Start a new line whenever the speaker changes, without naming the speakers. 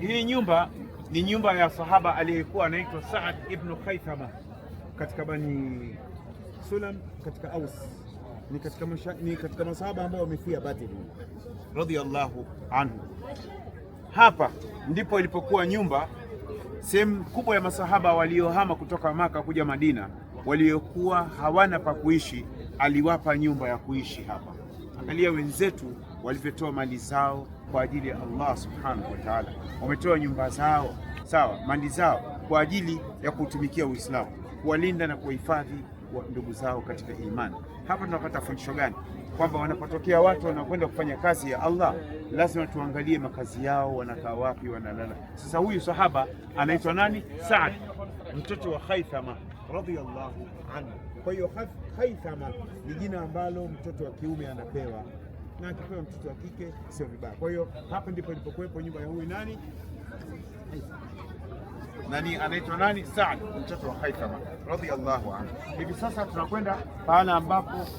Hii nyumba ni nyumba ya sahaba aliyekuwa anaitwa Saad ibn Khaithama katika Bani Sulam katika Aus, ni katika, ni katika masahaba ambao wamefia batili, radhiyallahu anhu. Hapa ndipo ilipokuwa nyumba sehemu kubwa ya masahaba waliohama kutoka Maka kuja Madina, waliokuwa hawana pa kuishi, aliwapa nyumba ya kuishi hapa. Angalia wenzetu walivyotoa mali zao kwa ajili ya Allah subhanahu wa ta'ala, wametoa nyumba zao, sawa, mali zao kwa ajili ya kuutumikia Uislamu, kuwalinda na kuwahifadhi ndugu zao katika imani. Hapa tunapata fundisho gani? Kwamba wanapotokea watu wanakwenda kufanya kazi ya Allah, lazima tuangalie makazi yao, wanakaa wapi, wanalala. Sasa huyu sahaba anaitwa nani? Saad, mtoto wa Khaithama radhiyallahu anhu. Kwa hiyo Haithama ni jina ambalo mtoto wa kiume anapewa na akipewa mtoto wa kike sio vibaya. Kwa hiyo hapa ndipo ilipokuwepo nyumba ya huyu nani, nani anaitwa nani, Saad mtoto wa Haithama radhiyallahu anhu. Hivi sasa tunakwenda pahala ambapo